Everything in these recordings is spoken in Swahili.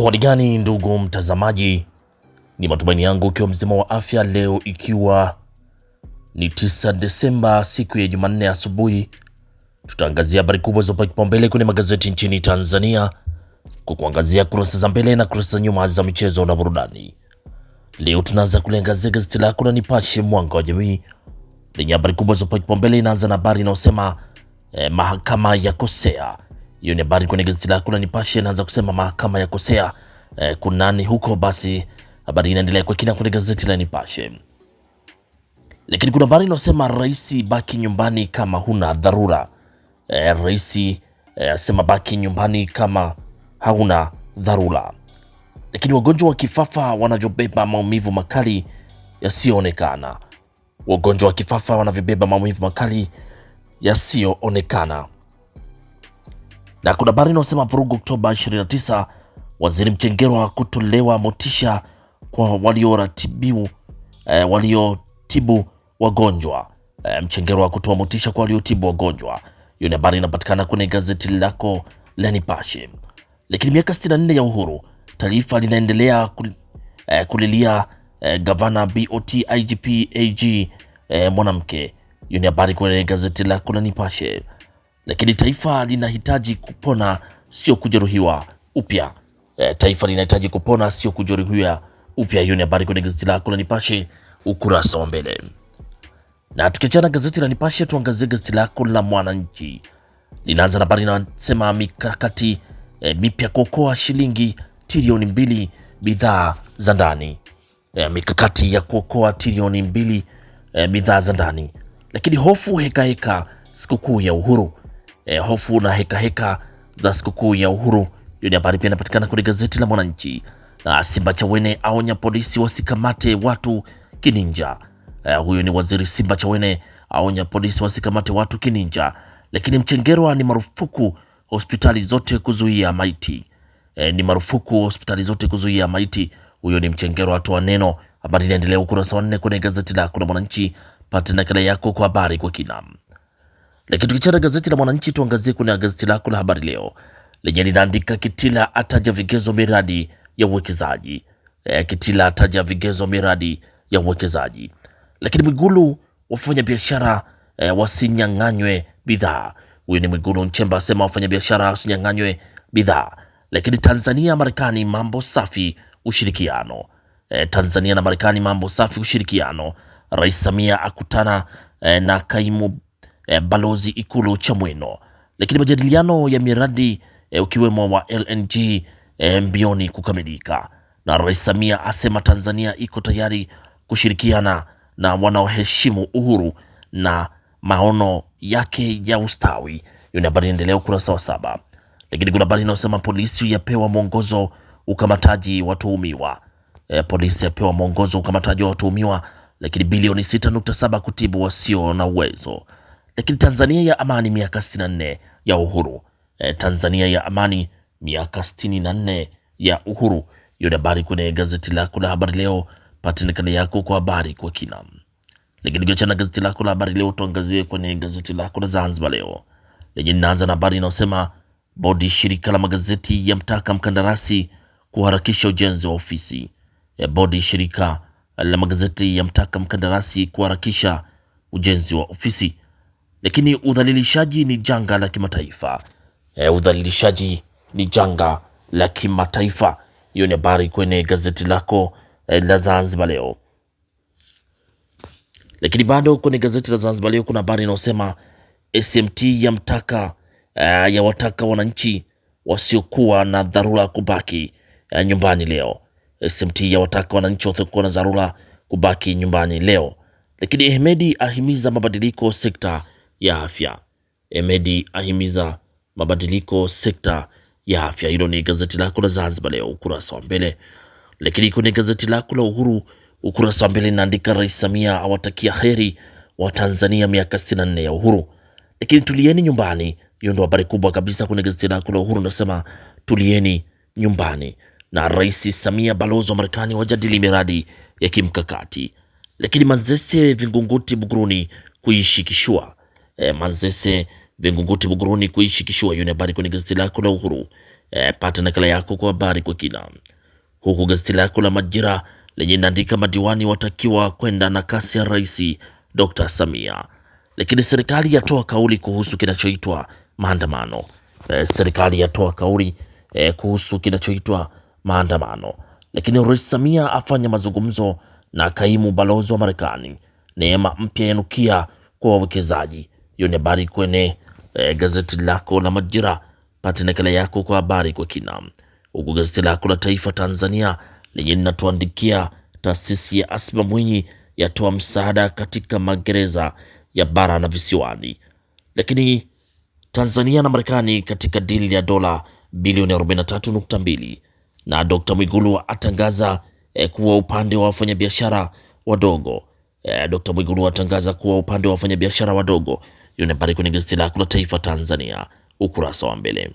Hali gani ndugu mtazamaji, ni matumaini yangu ukiwa mzima wa afya leo, ikiwa ni 9 Desemba, siku ya Jumanne asubuhi, tutaangazia habari kubwa zopa kipaumbele kwenye magazeti nchini Tanzania kwa kuangazia kurasa za mbele na kurasa za nyuma za michezo na burudani. Leo tunaanza kuliangazia gazeti lako la Nipashe Mwanga wa Jamii lenye habari kubwa zopa kipaumbele. Inaanza na habari inayosema eh, mahakama ya kosea hiyo ni habari kwenye gazeti lako la Nipashe, naanza kusema mahakama ya kosea eh, kunani huko. Basi habari inaendelea kwa kina kwenye gazeti la Nipashe, lakini kuna habari inasema rais, baki nyumbani kama huna dharura. Eh, rais eh, asema eh, baki nyumbani kama hauna dharura. Lakini wagonjwa wa kifafa wanavyobeba maumivu makali yasiyoonekana, wagonjwa wa kifafa wanavyobeba maumivu makali yasiyoonekana na kuna habari inayosema vurugu Oktoba 29, waziri Mchengerwa kutolewa motisha kwa walioratibu e, eh, waliotibu wagonjwa e, Mchengerwa kutoa motisha kwa waliotibu wagonjwa. Hiyo ni habari inapatikana kwenye gazeti lako la Nipashe. Lakini miaka 64 ya uhuru, taifa linaendelea kul, e, kulilia e, gavana BOT IGP AG e, mwanamke. Hiyo ni habari kwenye gazeti lako la Nipashe lakini taifa linahitaji kupona, sio kujeruhiwa upya. E, taifa linahitaji kupona, sio kujeruhiwa upya. Hiyo ni habari kwenye gazeti lako la Nipashe ukurasa wa mbele. Na tukiachana gazeti la Nipashe, tuangazie gazeti lako la Mwananchi. Linaanza na habari inasema mikakati e, mipya kuokoa shilingi trilioni mbili bidhaa za ndani. E, mikakati ya kuokoa trilioni mbili e, bidhaa za ndani. Lakini hofu hekaheka sikukuu ya uhuru e, hofu na heka heka za sikukuu ya uhuru. Hiyo ni habari pia inapatikana kwenye gazeti la Mwananchi. Na Simba Chawene aonya polisi wasikamate watu kininja. E, huyo ni waziri Simba Chawene aonya polisi wasikamate watu kininja. Lakini Mchengerwa ni marufuku hospitali zote kuzuia maiti. E, ni marufuku hospitali zote kuzuia maiti. Huyo ni Mchengerwa atoa neno. Habari inaendelea ukurasa wa nne kwenye gazeti lako la Mwananchi. Pata nakala yako kwa habari kwa kina. Lakini tukichana gazeti la Mwananchi, tuangazie kwenye gazeti lako la Habari Leo lenye linaandika Kitila ataja vigezo miradi ya uwekezaji e, Kitila ataja vigezo miradi ya uwekezaji. Lakini Mwigulu, wafanya biashara e, wasinyang'anywe bidhaa. Huyu ni Mwigulu Nchemba asema wafanya biashara wasinyang'anywe bidhaa. Lakini Tanzania Marekani, mambo safi ushirikiano. E, Tanzania na Marekani, mambo safi ushirikiano. Rais Samia akutana e, na kaimu e, balozi Ikulu Chamwino. Lakini majadiliano ya miradi e, ukiwemo wa LNG e, eh, mbioni kukamilika, na Rais Samia asema Tanzania iko tayari kushirikiana na wanaoheshimu uhuru na maono yake ya ustawi. Hiyo ni habari inaendelea ukurasa wa saba. Lakini kuna habari inayosema polisi yapewa mwongozo ukamataji watuhumiwa. E, polisi yapewa mwongozo ukamataji wa watuhumiwa. Lakini bilioni 6.7 kutibu wasio na uwezo. Lakini Tanzania ya amani miaka 64 ya uhuru e, Tanzania ya amani miaka 64 ya uhuru. Hiyo ni habari kwenye gazeti lako la habari leo, pata nakala yako kwa habari kwa kina. Lakini tukiacha na gazeti lako la habari leo, tuangazie kwenye gazeti lako la Zanzibar Leo lenye naanza na habari inayosema bodi shirika la magazeti ya mtaka mkandarasi kuharakisha ujenzi wa ofisi. E, bodi shirika la magazeti ya mtaka mkandarasi kuharakisha ujenzi wa ofisi lakini udhalilishaji ni janga la kimataifa. E, udhalilishaji ni janga la kimataifa. Hiyo ni habari kwenye gazeti lako e, la Zanzibar Leo. Lakini bado kwenye gazeti la Zanzibar Leo kuna habari inayosema SMT ya mtaka e, eh, ya wataka wananchi wasiokuwa na dharura kubaki e, nyumbani leo. SMT ya wataka wananchi wasiokuwa na dharura kubaki nyumbani leo. Lakini Ahmedi ahimiza mabadiliko sekta ya afya. Emedi ahimiza mabadiliko sekta ya afya. Hilo ni gazeti lako la Zanzibar Leo ukurasa wa mbele, lakini kwenye gazeti lako la Uhuru ukurasa wa mbele inaandika Rais Samia awatakia heri wa Tanzania miaka 64 ya uhuru. Lakini tulieni nyumbani, hiyo ndio habari kubwa kabisa kwenye gazeti lako la Uhuru. Nasema tulieni nyumbani na Rais Samia, balozi wa Marekani wajadili miradi ya kimkakati. Lakini mazese Vingunguti Buguruni kuishikishua e, Manzese Vingunguti Buguruni kuishikishiwa. Hiyo ni habari kwenye gazeti lako la Uhuru. E, pata nakala yako kwa habari kwa kina, huku gazeti lako la Majira lenye inaandika madiwani watakiwa kwenda na kasi ya Rais Dr. Samia, lakini serikali yatoa kauli kuhusu kinachoitwa maandamano. E, serikali yatoa kauli e, kuhusu kinachoitwa maandamano, lakini Rais Samia afanya mazungumzo na kaimu balozi wa Marekani. Neema mpya yanukia kwa wawekezaji hiyo ni habari kwenye eh, gazeti lako la Majira. Pate nakala yako kwa habari kwa kina, huku gazeti lako la Taifa Tanzania lenye linatuandikia taasisi ya Asma Mwinyi yatoa msaada katika magereza ya bara na visiwani. Lakini Tanzania na Marekani katika dili ya dola bilioni 43.2 na Dr. Mwigulu atangaza eh, kuwa upande wa wafanyabiashara wadogo eh, Dr. Mwigulu atangaza kuwa upande wa wafanyabiashara wadogo hiyo ni habari kwenye gazeti lako la Taifa Tanzania ukurasa wa mbele.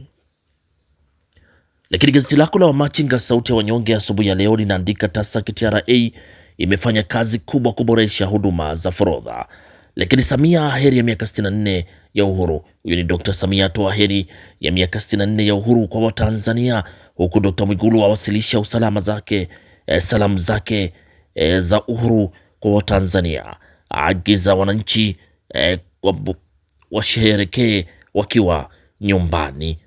Lakini gazeti lako la Wamachinga sauti ya wanyonge asubuhi ya leo linaandika TASAC TRA imefanya kazi kubwa kuboresha huduma za forodha. Lakini Samia heri ya miaka 64 ya uhuru. Huyu ni Dr. Samia atoa heri ya miaka 64 ya uhuru kwa Watanzania, huku Dr. Mwigulu awasilisha usalama zake eh, salamu zake eh, za uhuru kwa Watanzania, aagiza wananchi eh, washeherekee wakiwa nyumbani.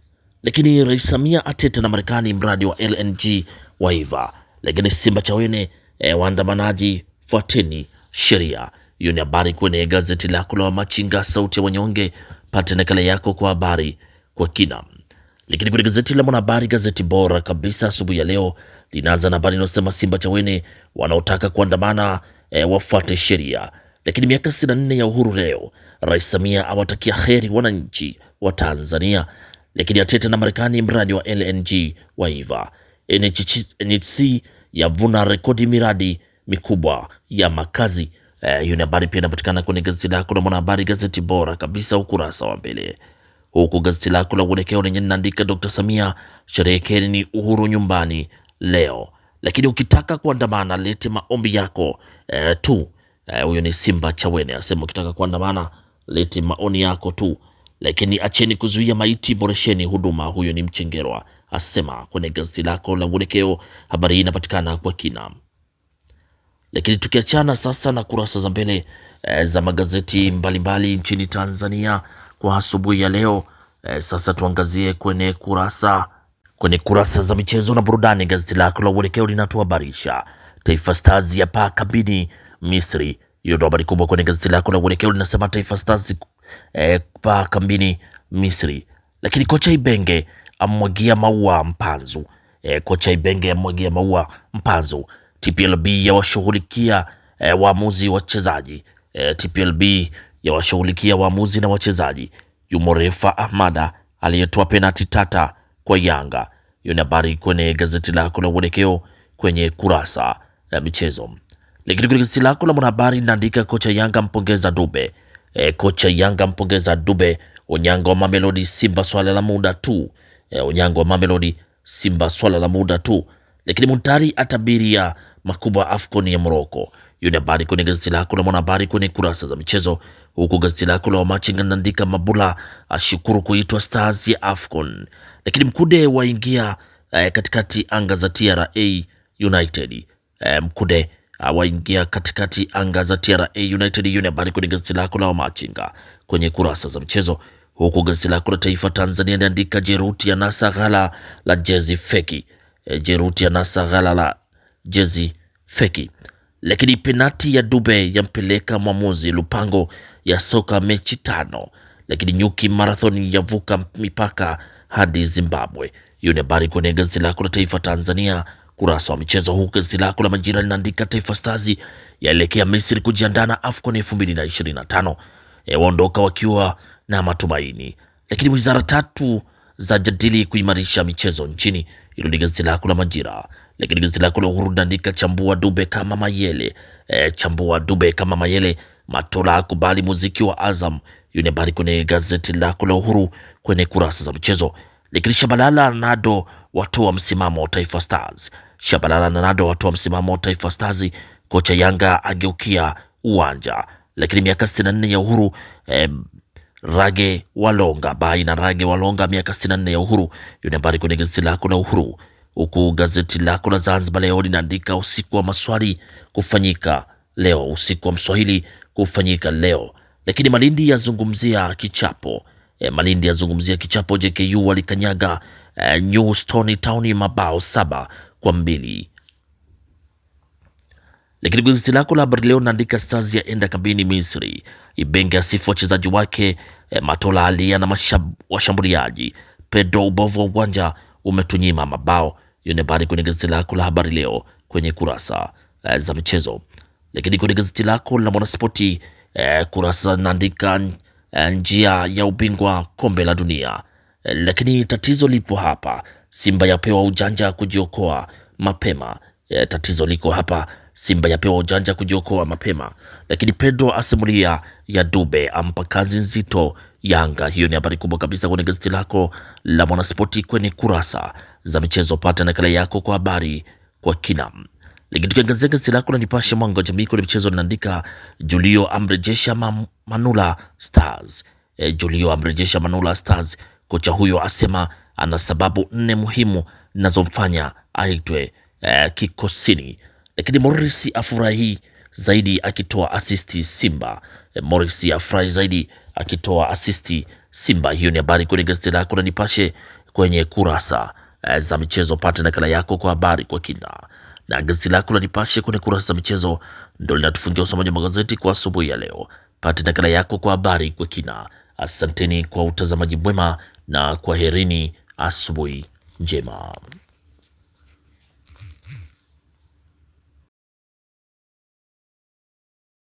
Lakini Rais Samia ateta na Marekani mradi wa LNG waiva. Lakini Simba Chawene e, eh, waandamanaji fuateni sheria. Hiyo ni habari kwenye gazeti lako la Machinga, sauti ya wanyonge. Pate nakala yako kwa habari kwa kina. Lakini kwenye gazeti la Mwanahabari, gazeti bora kabisa asubuhi ya leo, linaanza na habari inayosema Simba Chawene wanaotaka kuandamana e, wafuate sheria. Lakini miaka 64 ya uhuru leo Rais Samia awatakia heri wananchi wa Tanzania, lakini Atete na Marekani mradi wa LNG waiva. NHC yavuna rekodi miradi mikubwa ya makazi. Eh, hiyo ni habari pia inapatikana kwenye gazeti lako la Mwanahabari, gazeti bora kabisa, ukurasa wa mbele, huku gazeti lako la Uelekeo lenye linaandika Dr. Samia, sherehekeni uhuru nyumbani leo, lakini ukitaka kuandamana lete maombi yako eh, tu. Eh, huyo eh, ni Simba Chawene asema ukitaka kuandamana leti maoni yako tu, lakini acheni kuzuia maiti, boresheni huduma. Huyo ni Mchengerwa asema kwenye gazeti lako la Mwelekeo. Habari hii inapatikana kwa kina. Lakini tukiachana sasa na kurasa za mbele e, za magazeti mbalimbali mbali nchini Tanzania kwa asubuhi ya leo e, sasa tuangazie kwenye kurasa kwenye kurasa za michezo na burudani. Gazeti lako la Uelekeo linatuhabarisha Taifa Stars ya paa kabini Misri, hiyo ndo habari kubwa kwenye gazeti lako la Uelekeo linasema Taifa Stars eh, pa kambini Misri. Lakini kocha Ibenge amwagia maua Mpanzu. Eh, kocha Ibenge amwagia maua Mpanzu. TPLB yawashughulikia eh, waamuzi wachezaji. Eh, TPLB yawashughulikia waamuzi na wachezaji. Yumo refa Ahmada aliyetoa penati tata kwa Yanga. Hiyo ni habari kwenye gazeti lako la Uelekeo kwenye kurasa ya michezo. Lakini kwenye gazeti lako la Mwanahabari linaandika kocha Yanga mpongeza Dube. E, kocha Yanga mpongeza Dube. Unyango wa Mamelodi Simba swala la muda tu. E, unyango wa Mamelodi Simba swala la muda tu. Lakini Muntari atabiria makubwa Afcon ya Morocco. Hiyo habari kwenye gazeti lako la Mwanahabari kwenye kurasa za michezo, huku gazeti lako la Wamachinga linaandika Mabula ashukuru kuitwa Stars ya Afcon. Lakini Mkude waingia eh, katikati anga za TRA United. Eh, Mkude waingia waingia katikati anga za TRA United Union. Habari kwenye gazeti lako la Wamachinga kwenye kurasa za mchezo, huku gazeti lako la Taifa Tanzania liandika jeruti ya nasa ghala la jezi feki, e, jeruti ya nasa ghala la jezi feki. Lakini penati ya Dube yampeleka mwamuzi Lupango ya soka mechi tano. Lakini nyuki marathon yavuka mipaka hadi Zimbabwe. Hiyo ni habari kwenye gazeti lako la Taifa Tanzania Kurasa wa michezo huu gazeti lako la Majira linaandika Taifa Stars yaelekea Misri kujiandaa na AFCON 2025 e, waondoka wakiwa na matumaini, lakini wizara tatu za jadili kuimarisha michezo nchini. Hilo ni gazeti lako la Majira, lakini gazeti lako la Uhuru linaandika chambua Dube kama Mayele e, chambua Dube kama Mayele, Matola akubali muziki wa Azam. Hiyo ni habari kwenye gazeti lako la Uhuru kwenye kurasa za michezo, lakini Shabalala Nado watoa msimamo wa Taifa Stars. Shabalala na Nado watoa msimamo wa Taifa Stars, kocha Yanga ageukia uwanja. Lakini miaka 64 ya uhuru em, Rage Walonga bai na Rage Walonga, miaka 64 ya uhuru. Hiyo ni habari kwenye gazeti lako la Uhuru, huku gazeti lako la Zanzibar Leo linaandika usiku wa maswali kufanyika leo, usiku wa mswahili kufanyika leo. Lakini Malindi yazungumzia kichapo e, Malindi yazungumzia kichapo. JKU walikanyaga e, New Stone Town mabao saba kwa mbili. Lakini gazeti lako la habari leo naandika Stars ya enda kabini Misri, Ibenge asifu wachezaji wake, eh, Matola alia na washambuliaji, Pedro ubovu wa uwanja umetunyima mabao. Hiyo ni habari kwenye gazeti lako la habari leo kwenye kurasa eh, za michezo. Lakini kwenye gazeti lako la Mwanaspoti eh, kurasa naandika eh, njia ya ubingwa kombe la dunia, lakini tatizo lipo hapa Simba yapewa ujanja kujiokoa mapema. E, tatizo liko hapa. Simba yapewa ujanja kujiokoa mapema, lakini Pedro asimulia ya Dube ampa kazi nzito Yanga. Hiyo ni habari kubwa kabisa kwenye gazeti lako la Mwanaspoti kwenye kurasa za michezo. Pata nakala yako kwa habari kwa kina. Lakini tukiangazia gazeti lako la Nipashe mwanga wa jamii kwenye michezo linaandika Julio amrejesha Manula Stars. E, Julio amrejesha Manula Stars, kocha huyo asema ana sababu nne muhimu zinazomfanya aitwe eh, kikosini, lakini Morris afurahi zaidi akitoa asisti Simba. Eh, Morris afurahi zaidi akitoa asisti Simba. Hiyo ni habari kwenye gazeti lako la Nipashe kwenye kurasa e, za michezo. Pata nakala yako kwa habari kwa kina, na gazeti lako la Nipashe kwenye kurasa za michezo ndio linatufungia usomaji wa magazeti kwa asubuhi ya leo. Pata nakala yako kwa habari kwa kina. Asanteni kwa utazamaji mwema na kwaherini. አስቦይ ጄማ